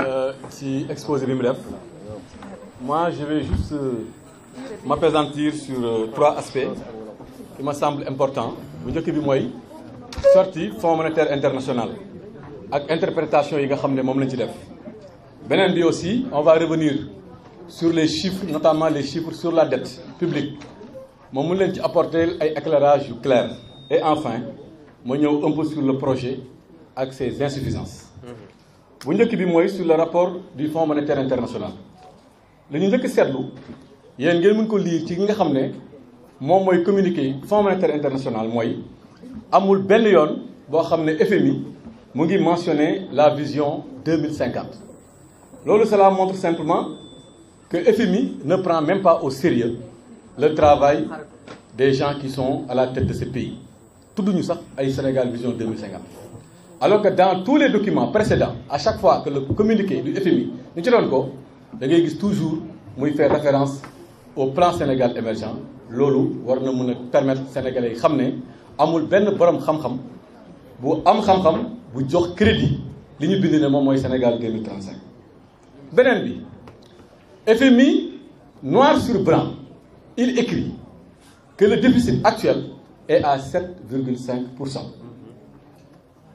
Euh, moi je vais juste euh, m'apesantir sur euh, trois aspects qui me semblent importants bu sortie Fonds monétaire international avec interprétation de nga xam aussi on va revenir sur les chiffres notamment les chiffres sur la dette publique Je vais apporter un éclairage clair et enfin je un peu sur le projet avec ses insuffisances je njëkk bi sur le rapport du fonds monétaire international li ñu njëkk c'est yéen ngeen mën ko lire ci nga xam communiqué fonds monétaire international mooy amul Ben yoon FMI a mentionné la vision 2050. mille cela montre simplement que FMI ne prend même pas au sérieux le travail des gens qui sont à la tête de ce pays Tout tudduñu sax ay Sénégal vision 2050 alors que dans tous les documents précédents à chaque fois que le communiqué du FMI nous ci doon toujours muy faire référence au plan Sénégal émergent lolo, war na aux sénégalais de xam ne amul benn borom xam-xam bu am xam-xam bu jox crédit li ñu bind ne Sénégal 2035 Benen bi FMI noir sur blanc il écrit que le déficit actuel est à 7,5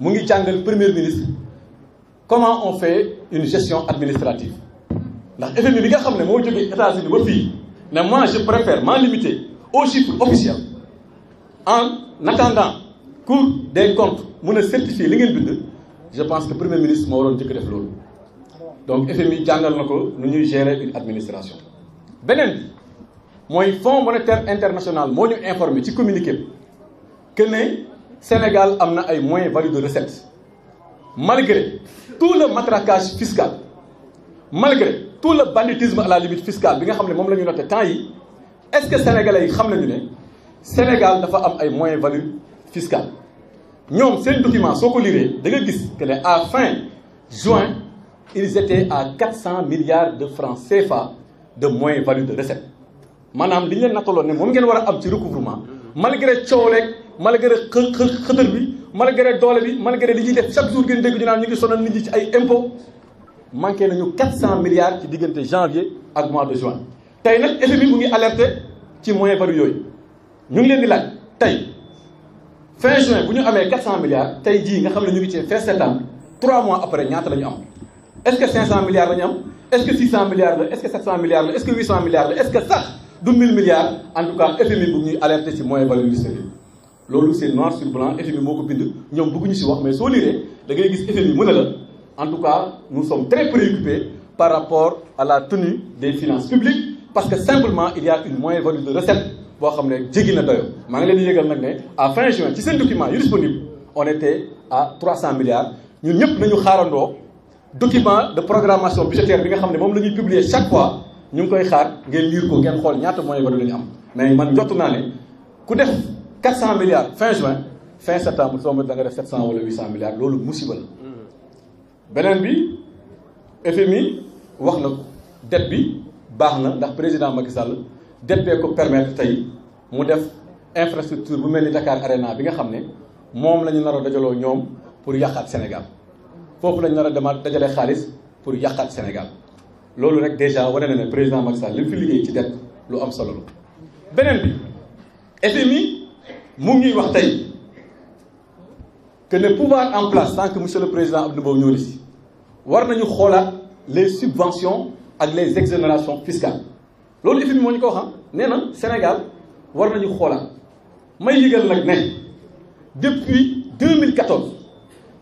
mu ngi premier ministre comment on fait une gestion administrative ndax FMI bi nga xam ne moo États-Unis ba moi je préfère m'en limiter aux chiffres officiels en attendant Cour des comptes mun a certifier li ngeen bind je pense que premier ministre moo waroon jëkk def donc FMI jàngal na ko nu ñuy gérer une administration Benen, le Fonds monétaire international moo ñu informé ci communiqué que Sénégal a des ay moyens variés de recettes malgré tout le matraquage fiscal malgré tout le banditisme à la limite fiscale bi nga noté est-ce que sénégalais ont xam nañu Sénégal dafa am ay moyens variés fiscale Nous seen documents documents, ko liree da nga que à fin juin ils étaient à 400 milliards de francs CFA de moyens variés de recettes maanaam li dit que nattaloon ne moom ngeen war am recouvrement malgré tout, malgré le xëtër malgré le bi malgré li ñuy chaque jour nous dégg ñu naan ñu ngi sonal nit ci ay impôts manqué nañu 400 milliards ci digënté janvier ak mois de juin tay nak FMI mu ngi alerté ci moyen bari yoy ñu ngi leen di fin juin bu ñu avez 400 milliards tay ji nga xam ñu fin septembre 3 mois après ñaata lañu am est-ce que 500 milliards est-ce que 600 milliards est-ce que 700 milliards est-ce que 800 milliards est-ce que ça? du 1000 milliards en tout cas FMI bu ñuy alerté ci moyen moins loolu c'est noir sur blanc FMI moo ko bind ñoom bëgguñu si wax mais soo liree da ngay gis FMI mu ne la en tout cas nous sommes très préoccupés par rapport à la tenue des finances publiques parce que simplement il y a une moyenne-value de recette boo xam ne jéggi na doyo maa ngi leen di yëgal nag ne à fin juin ci seen document yu disponible on était à 300 milliards ñun ñëpp nañu xaarandoo document de programmation budgétaire bi nga xam ne moom la ñuy publier chaque fois ñu ngi koy xaar ngeen lire ko ngeen xool ñaata moyenne-value la ñu am mais man jottu naa ku def 400 milliards fin juin fin septembre on ma da 700 ou 800 milliards loolu musiba la beneen bi FMI wax na ko dette bi baax na ndax président Macky Sall dette ko permettre tay mu def infrastructure bu melni Dakar Arena bi nga xamné mom lañu la dajalo ñom pour yakkat Sénégal fofu la ñu nar dajalé xaliss pour yakkat Sénégal loolu rek déjà wane na ne président Macky Sall li fi liggéey ci dette lu am solo la bi FMI mu ngi que le pouvoir en place tant que monsieur le président Abdou Mbow war nañu les subventions et les exonérations fiscales loolu que moo le ko wax ah. nee le Sénégal war nañu xoolaat may yëgal le depuis 2014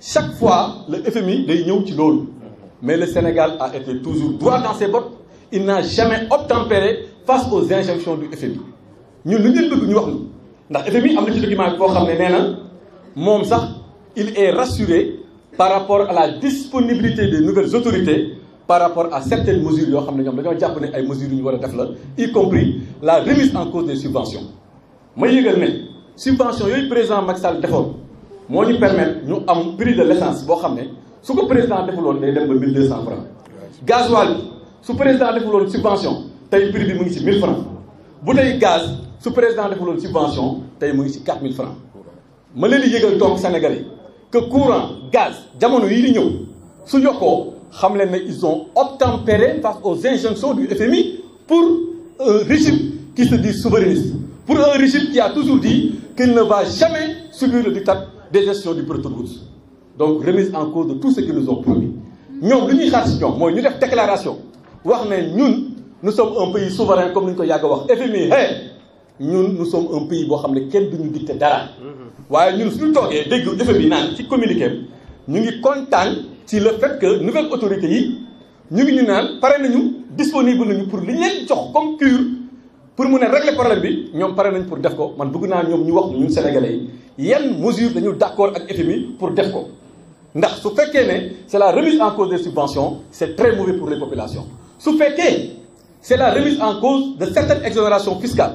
chaque fois le FMI day ñëw ci mais le Sénégal a été toujours droit dans ses bottes il n'a jamais obtempéré face aux injonctions du FMI Nous lu pouvons nous ñu wax ndax FMI am na ci document bi boo xam ne nee na moom sax il est rassuré par rapport à la disponibilité des nouvelles autorités par rapport à certaines mesures yoo xam ne ñoom dañoo jàpp ne ay mesures yu ñu war a def la y compris la remise en cause des subventions ma yëgal ne subvention yooyu président Macky Sall defoon moo ñu permettre ñu am prix de l' essence boo xam ne su ko président defuloon day dem ba 1200 francs gasoil bi su président defuloon subvention tey prix bi mu ngi ci 1000 francs bu tey gaz sous président de la subvention t'as mu ngi 4000 francs ma les di yëgal donc Sénégalais que courant gaz jamono yi di ñëw su ils ont obtempéré face aux injonctions du FMI pour un régime qui se dit souverainiste pour un régime qui a toujours dit qu'il ne va jamais subir le dictat des gestions du brut donc remise en cause de tout ce qu'ils nous ont promis Nous, on ñuy xaar si déclaration nous sommes un pays souverain comme le ñu FMI hey ñun nous sommes un pays qui xam ne kenn duñu dicté dara Nous sommes suñu toogee dégg effet bi naan ci communiqué ñu ngi ci le fait que nouvelle autorité yi nous ngi ñu naan disponible nañu pour les leen jox comme pour mu ne régler problème bi nous pare nañ pour def ko man bëgg nous sommes ñu wax ñun sénégalais a mesure dañu d'accord d'accord ak FMI pour def ko ndax su fait ne c'est la remise en cause des subventions c'est très mauvais pour les populations su fait que c'est la remise en cause de certaines exonérations fiscales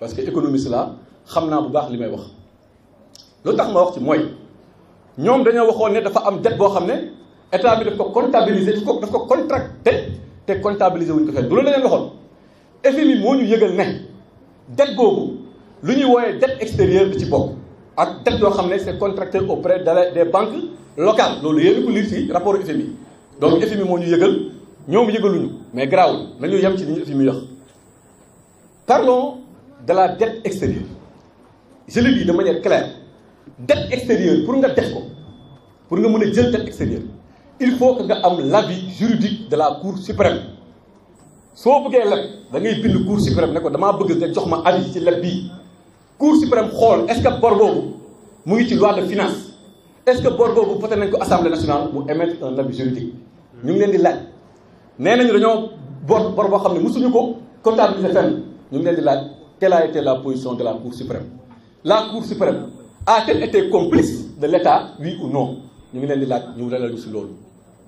parce que économiste là, xam naa bu baax limay wax loolu ma wax ci moy ñom dañu waxoon né dafa am dette bo xamné état bi dafa ko comptabiliser daf ko dafa ko contracté te comptabiliser wuñ ko fenn du loolu dañoo waxoon FMI mo ñu yëgal né dette boobu lu ñuy woyé dette extérieure bi ci bokk ak dette yo xamné c'est contracté auprès des banques locales lolu yéen ko lire ci rapport FMI donc FMI mo ñu yëgal ñoom yëgaluñu mais garaawul nañu yam ci ñu FMI wax parlons de la dette extérieure je le dis de manière claire dette extérieure pour nga def ko pour nga mën dette extérieure il faut que nga am l'avis juridique de la cour suprême So bëggee leb da ngay bind cour suprême ne ko damaa bëgg nga jox ma avis ci leb La cour suprême xool est-ce que bor boobu mu ngi ci loi de finance est-ce que bor boobu voté nañ ko assemblée nationale pour émettre un avis juridique ñu ngi leen di laaj nee nañu dañoo bor bor boo xam ne mosuñu ko comptabiliser fenn ñu ngi leen di laaj. Quelle a été la position de la Cour suprême La Cour suprême a-t-elle été complice de l'État, oui ou non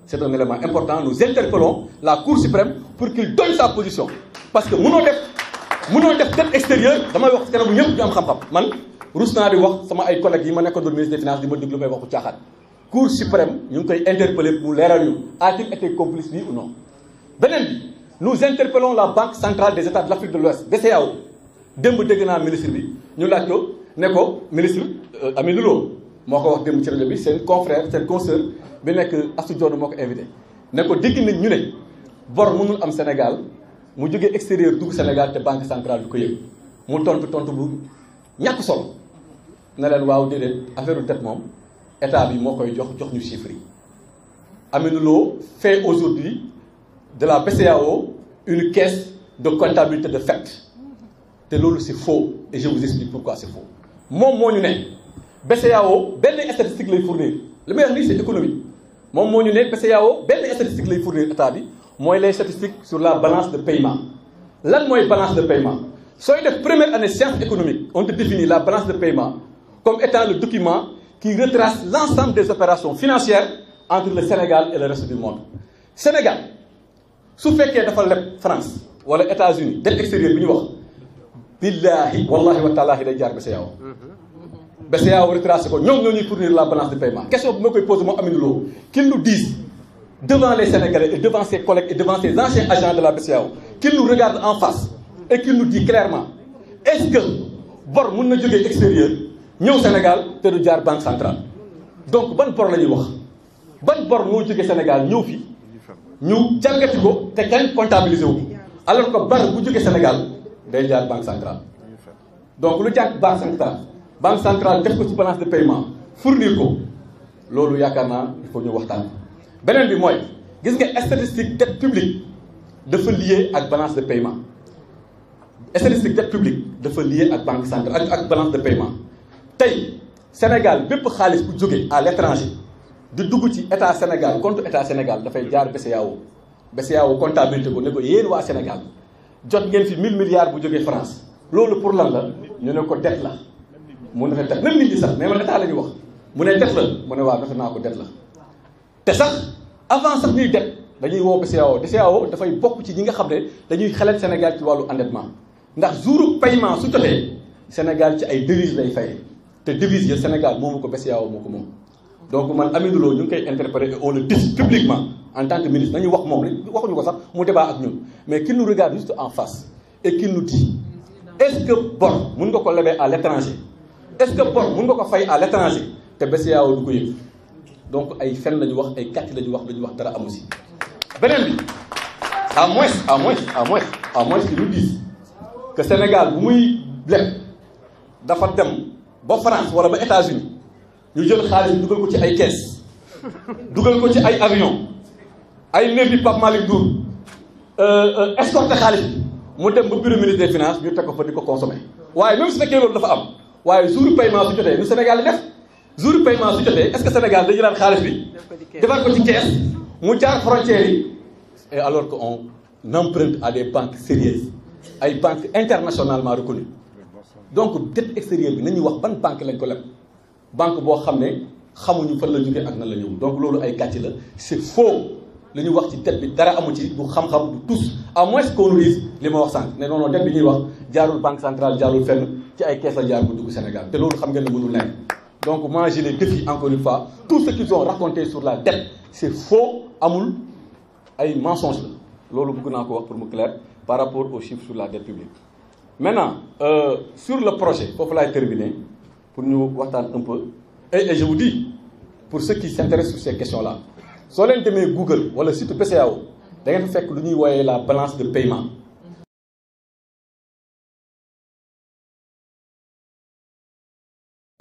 C'est un élément important. Nous interpellons la Cour suprême pour qu'il donne sa position. Parce que nous avons def des finances cour suprême nous interpellé pour a-t-il été complice oui ou non nous interpellons la banque centrale des états de l'Afrique de l'Ouest BCEAO démb dégg naa ministre bi ñu laaj ko ne ko ministre euh, Amidou Lo moo wax démb ci rajo bi sen confrère seen consoeur bi nek astu Dione moko invité ne ko dégg nañ ñu ne bor mënul am Sénégal mu jógee extérieur dugg Sénégal té banque centrale du ko yëg mu tontu tontu bu ñak solo ne leen waaw déedéet affaireu tête mom état bi moo jox jox ñu chiffres yi. Lo fait aujourd'hui de la BCEAO une caisse de comptabilité de fait c'est faux et je vous explique pourquoi c'est faux Mon moo ñu belle est statistique lay fournir Le meilleur wax c'est l'économie. Mon moo ñu belle est statistique lay fournir état bi a les statistiques sur la balance de paiement lan balance de paiement Soyez def première année sciences économiques on te définit la balance de paiement comme étant le document qui retrace l'ensemble des opérations financières entre le Sénégal et le reste du monde Sénégal su y dafa la France ou les États-Unis dette l'extérieur. bi Billahi, wallahi wa taalaahi day jaar BCEAO BCEAO retracé ko ñoom ñoo ñuy fournir la balance de paiement question bi ma koy poser mo Aminou Lo qu'il nous dise devant les Sénégalais et devant ses collègues et devant ses anciens agents de la BCEAO qu'il nous regarde en face et qu'il nous dit clairement est-ce que bor mun na jógee extérieur ñëw Sénégal te du jaar banque centrale donc ban bor la wax ban bor mo jógee Sénégal ñëw fi ñu jàngati ko te kan comptabilisé wu alors que bar bu jógee Sénégal day jaar banque centrale donc lu jàpp banque centrale banque centrale def ko ci balance de paiement fournir ko loolu yaakaar naa il faut ñu waxtaan beneen bi mooy gis nga statistique dette publique dafa lié ak balance de paiement statistique dette publique dafa lié ak banque centrale ak ak balance de paiement tey Sénégal bépp xaalis bu jóge à l'étranger di dugg ci état Sénégal compte état Sénégal dafay jaar BCAO. BCEAO comptabilité ko ne ko yéen waa Sénégal jot ngeen fi 1000 milliards bu jógee France loolu pour lan la ñu ne ko det la mu ne det nan nit ñi sax mais man état la ñu wax mu ne det la mu ne waa defe naa ko det la te sax avant sax ñuy det dañuy woo ko e CAO e te CAO dafay bokk ci ñi nga xam ne dañuy xelal Sénégal ci wàllu endettement ndax jour jouru paiement su jotee Sénégal ci ay devises lay fay te devises ya Sénégal moomu ko BCEAO moo ko moom donc man Hamidou Lo ñu ngi koy interpréter et on le dit wax moom waxuñu ko sax mu débat ak ñun mais qu'il nous regarde juste en face et qu'il nous dit est-ce que bon, nous nga ko lebee à l'étranger est-ce que bon, nous nga ko fay à l'étranger te BCEAO du ko donc ay fen la ñu wax ay kàcc la ñu wax la musique. wax dara à moins à moins à moins à moins qu'ils nous disent que Sénégal bu muy leb dafa France wala ba États-Unis ñu jël xaalis dugal ko ci ay caisse dugal ko ci ay avion ay néeg bi Malick euh, euh, escorté xaalis bi mu dem ba bureau ministre des finances ñu teg ko fa di ko consommer. waaye même su fekkee loolu dafa am waaye jour paiement su jotee nu Sénégal def jour paiement su jotee est-ce que Sénégal dañu daan xaalis bi defar ko ci caisse mu jaar frontières yi et alors que on emprunte à des banques sérieuses ay banques internationalement reconnues donc dette extérieure bi nañuy wax ban banque lañ ko leb banque boo xam ne xamuñu fan la jógee ak nan la ñëw donc loolu ay gàcce la c'est faux le ñuy wax ci tet bi dara amu ci du xam-xam tous à moins qu'on dise les mots. wax sànq non non dès bi ñuy wax jaarul banque centrale jaarul fenn ci ay kees la jaar bu dugg Sénégal de loolu xam ngeen ne donc moi je les défie encore une fois tout ce qu'ils ont raconté sur la dette c'est faux amul ay mensonge la loolu bëgg wax pour me clair par rapport aux chiffres sur la dette publique maintenant euh, sur le projet foofu soit terminer pour nous voir un peu et, et je vous dis pour ceux qui s'intéressent sur ces questions là soo leen demee Google wala site PCAO da ngeen fekk lu ñuy la balance de paiement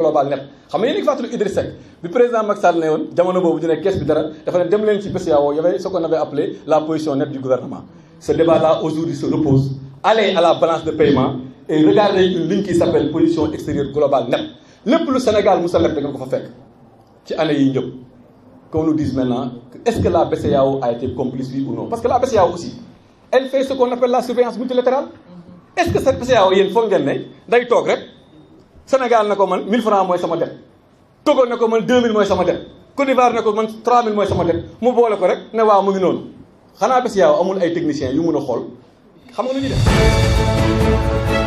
global net xam nga yéen a ngi fàttali Idriss Seck bi président Macky Sall ne jamono boobu ñu ne kees bi dara dafa ne dem leen ci y avait ce qu'on avait appelé la position nette du gouvernement ce débat là aujourd'hui se repose allez à la balance de paiement et regardez une ligne qui s'appelle position extérieure globale net lépp lu Sénégal musa leb da nga ko fa fekk ci année yi qu'on nous dise maintenant est-ce que la PCAO a été complice ou non Parce que la PCAO aussi, elle fait ce qu'on appelle la surveillance multilatérale. Est-ce que cette BCAO, est une fonction D'ailleurs, day toog rek Sénégal na man 1000 francs moins sama dette Togo na pas man 2000 moins sama dette Côte d'Ivoire na pas man 3000 moins sama dette mu boole ko rek ne waaw mu ngi noonu xanaa BCAO amul ay techniciens yu mun a xool xam nga lu le def.